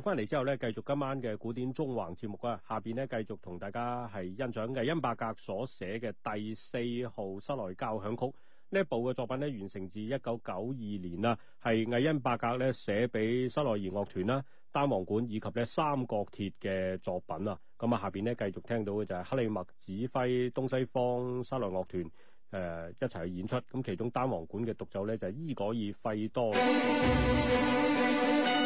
翻嚟之後呢，繼續今晚嘅古典縱橫節目啊！下邊呢，繼續同大家係欣賞魏恩伯格所寫嘅第四號室內交響曲呢一部嘅作品呢，完成自一九九二年啊，係魏恩伯格呢，寫俾室內弦樂團啦、單簧管以及呢三角鐵嘅作品啊！咁啊，下邊呢，繼續聽到嘅就係克里默指揮東西方室內樂團誒一齊去演出，咁其中單簧管嘅獨奏呢，就係伊果爾費多。